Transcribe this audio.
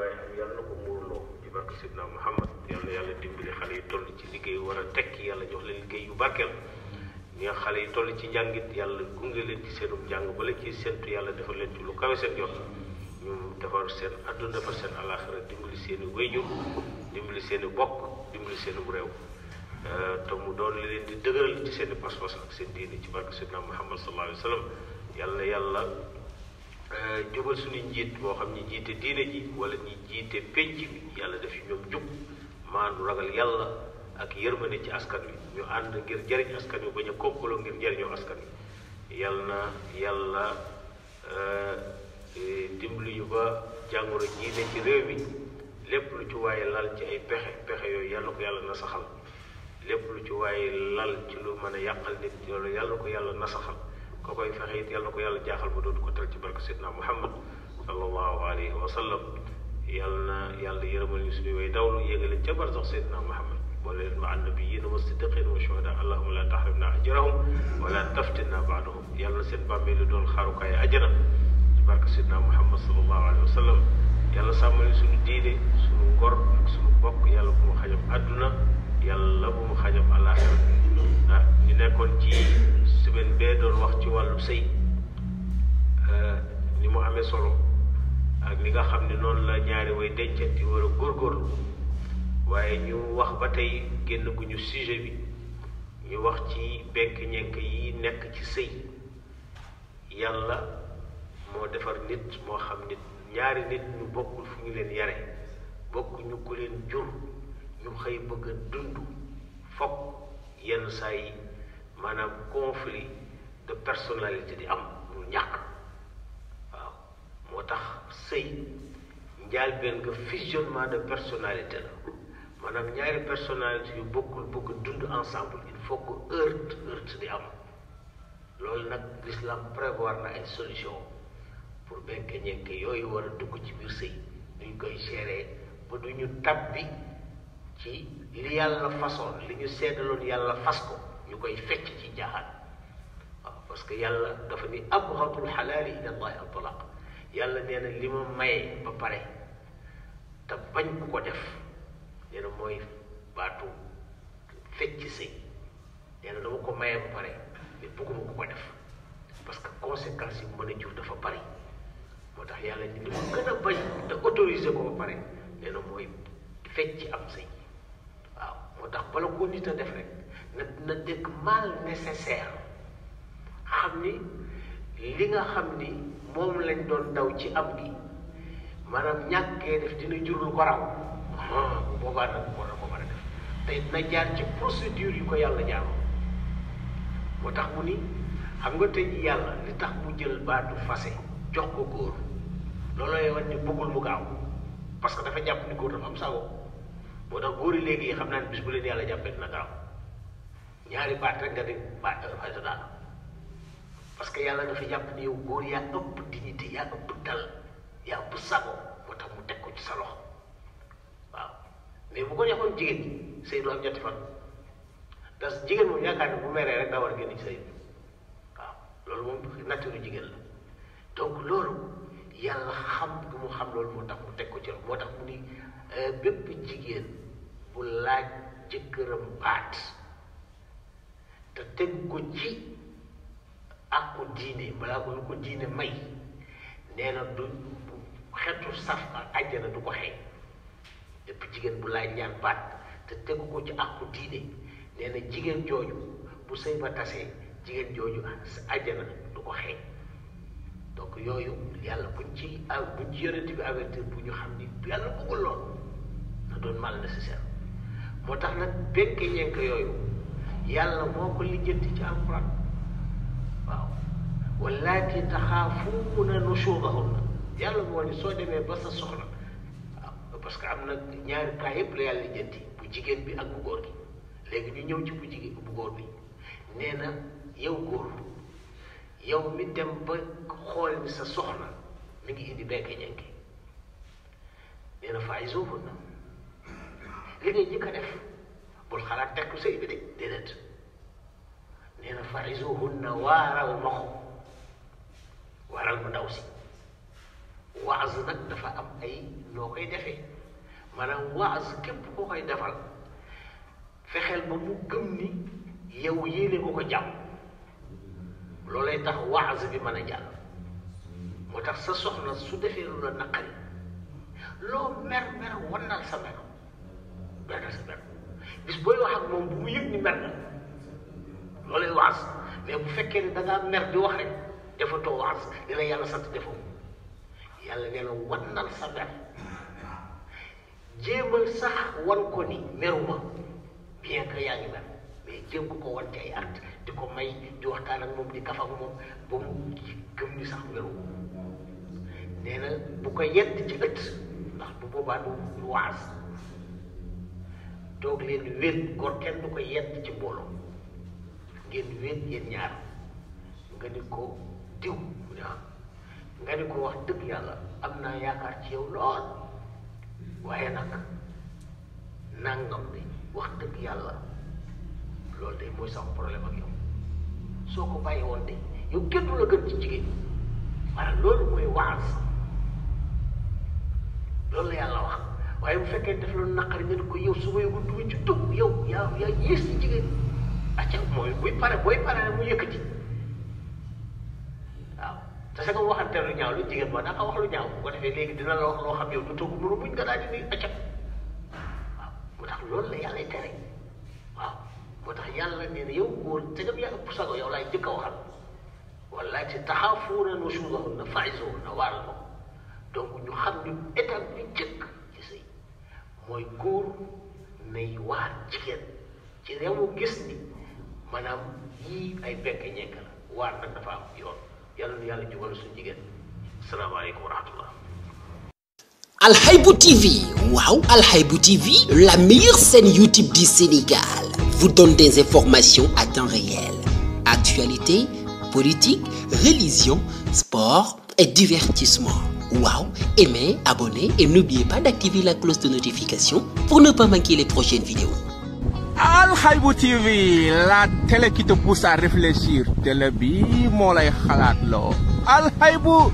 waaye am yàlla na ko muurloo di barke sidna Muhammad yàlla na yàlla dimbali xale yi toll ci liggéey war a tekki yàlla jox leen liggéey yu barkeel ñi nga xale yi toll ci njàngit yàlla gunge leen ci seenum njàng ba la ciy séntu yàlla defal leen ci lu kawe seen yoon ñu defar seen àdduna defar seen alaxira dimbali seen i wéyjur dimbali seen i bokk dimbali seen réew euh, te mu doon leen di dëgëral ci seen i ak seen diine ci barke sidna Muhammad sallallahu alayhi wa sallam yàlla na yàlla Euh, jubal suñu njiit moo xam ñi jiite diine ji wala ñi jiite pénc bi yàlla def ñoom jub maandu ragal yàlla ak yërmande ci askan wi ñu ànd ngir jariñ askan wi bañ a kompaloo ngir jariñoo askan wi yàlla na yàlla euh, dimbali yu ba jàngoro jii ci réew mi lépp lu ci waaye lal ci ay pexe pexe yooyu yàlla ko yàlla nasaxal lépp lu ci waaye lal ci lu mën a yàqal nit loolu yàlla ko yàlla nasaxal ko koy fexe it yàlla na ko yàlla jaaxal ba dootu ko tal ci barke Seydina Muhammad sallallahu alayhi wa sallam yàlla na yàlla yërëmal ñu suñu way dawlu yéegale ca barsax Seydina Muhammad boole leen ma annabiyiina wa siddiqiin wa shuhadaa allahumma la tahrimna ajrahum wa la taftinna baadahum yàlla na seen bàmmeel li doon xaarukaay ajana ci barke Seydina Muhammad sallallahu alayhi wa sallam yàlla sàmmali suñu diine suñu ngor ak suñu bokk yàlla bu mu xajam àdduna yàlla bu mu xajam àllaaxira ah, ñu nekkoon ci benn bee doon wax ci wàllu sëy euh, ni mu amee solo ak li nga xam ne noonu la ñaari way dencanti war a góorgóorlu waaye ñu wax ba tey génn gu ñu sujet bi ñu wax ci benk ñenk yi nekk ci sëy yàlla moo defar nit moo xam nit ñaari nit ñu bokkul fu ñu leen yare bokkuñu ñu leen jur ñu xëy bëgg a dund fokk yenn saa yi maanaam conflit de personnalité di am mu ñàkk waaw moo tax sëy njaal benn nga fusionnement de personnalité la maanaam ñaari personnalité yu bokkul bëgg dund ensemble il faut que heurte heurte di am loolu nag l'islam prévoir na ay solution pour benk ñenke yooyu war a dugg ci biir sëy duñ koy gérer ba duñu tabbi ci li yàlla façon li ñu seddaloon yàlla fas ko ñu koy fecc ci jaaxal parce que yàlla dafa ni abhadul xalaali ila allahi al talaq yàlla nee na li ma maye ba pare te bañ bu ko def nee mooy baatu fecc sëy nee na dama ko maye ba pare mais bëgguma ku ko def parce que conséquences yi mu a jur dafa bari moo tax yàlla ni li ma gën a bañ te autorisé ko ba pare nee mooy fecc am sëy bala ko nit a def rek na na dëkk mal nécessaire xam ni li nga xam ni moom lañ doon daw ci am gi maanaam ñàkkee def dina jur lu ko raw ah, boobaa nag moo na ko mën a def te na jaar ci procédure yu ko yàlla jaaroo moo tax mu ni xam nga tey yàlla li tax mu jël baatu fase jox ko góor loolu looloo yow ni bëggul mu gaaw parce que dafa jàpp ni góor dafa am sago moo tax góor yi léegi xam naa ni bis bu leen yàlla jàppee dina garaw ñaari baat rek nga di baat fay sa daal parce que yàlla dafa jàpp ne yow góor yaa ëpp dignité yaa ëpp dal yaa ëpp sago moo tax mu teg ko ci sa loxo waaw mais bu ko neexoon jigéen jigéen moom yaakaar ne bu meree rek daa war a génn ci sëy bi loolu moom nature jigéen la donc loolu yàlla xam du mu xam loolu moo tax mu teg ko ci moo tax mu ni Euh, bépp jigéen bu laaj jëkkëram baat te teg ko ci àqu diine balaa ko lu ko diine may nee na du xetu saf ak àjjana du ko xëy bépp jigéen bu laaj ñaan baat te tegu ko ci àqu diine nee na jigéen jooju bu sëy ba tasee jigéen jooju àjjana du ko xëy donc yooyu yàlla buñ ci aw ah, buñ ci yonent bi avertir bu ñu xam ni yàlla bëggul lool na doon mal nécessaire moo tax nag benk ñenk yooyu yàlla moo ko lijjanti ci alquran waaw wallaati taxaafuuna nushuuzahunna yàlla moo ni soo demee ba sa soxla parce que am na ñaari cas yëpp la yàlla lijjanti bu jigéen bi ak bu góor gi léegi ñu ñëw ci bu jigéen bu bi nee na yow góor yow mi dem ba xool ni sa soxna mi ngi indi bekk ñenki nee na faay suufun na li ngay njëkk a def bul xalaat tekku sëy bi de déedéet nee na fa'izuhunna waaraw ma ko waaral mu ndaw si waaz nag dafa am ay noo koy defee maanaam waaz képp koo koy defal fexeel ba mu gëm ni yow yéene ko ko jàmm loolu lay tax waaz bi mën a jàll moo tax sa soxna su defee lu la naqari loo mer mer wannal sa sa mer bu mu ni mer fekkee ne mer di wax rek defatoo waaz li la yàlla sant defoo yàlla nee na sa mer jéemal sax wan ko ni meruma bien que yaa ngi mer mais jéem ko ko wan ay at di ko may di waxtaan ak moom di kaf moom ba mu gëm ni sax wéru nee na bu ko yedd ci ëtt ndax bu boobaa du du waas toog leen wéet góor kenn du ko yedd ci mbooloo ngeen wéet yéen ñaar nga ni ko diw nga ni ko wax dëgg yàlla am naa yaakaar ci yow lool waaye nag nangam bi wax dëgg yàlla loolu de mooy sama problème ak yow soo ko bàyyi woon de yow kenn du la gën ci jigéen waaye loolu mooy waas loolu la yàlla wax waaye bu fekkee def loolu naqari nga ko yow su ma yëgul du ma ci dugg yow yaa yaa yées ci jigéen acca mooy buy pare booy pare mu yëkkati waaw te sa nga waxante lu ñaaw lu jigéen ba naka wax lu ñaaw bu ko defee léegi dina la xam yow du togg mënu muñ nga daal tax loolu la yàlla tere yàlla nee na yow góor tegam yaa ëpp sago yow laay jëkk a waxal wallaati taxaafuuna nusuuzahunna fa'izuuhunna waaral ma ko donc ñu xam ñu étape bi jëkk ci sëy mooy góor nay waar jigéen ci réew mu gis ni maanaam yii ay bekk ñekk la waar nag dafa am yoon yàlla nu yàlla jubal suñu jigéen salaamaaleykum wa rahmatullah Al Haïbou TV waaw Al Haïbou TV la meilleure chaîne YouTube du Sénégal vous donne des informations à temps réel. Actualité, politique, religion, sport et divertissement. Waouh Aimez, abonnez et n'oubliez pas d'activer la cloche de notification pour ne pas manquer les prochaines vidéos. Al TV la télé qui te pousse à réfléchir télé bi moo lay xalaat loo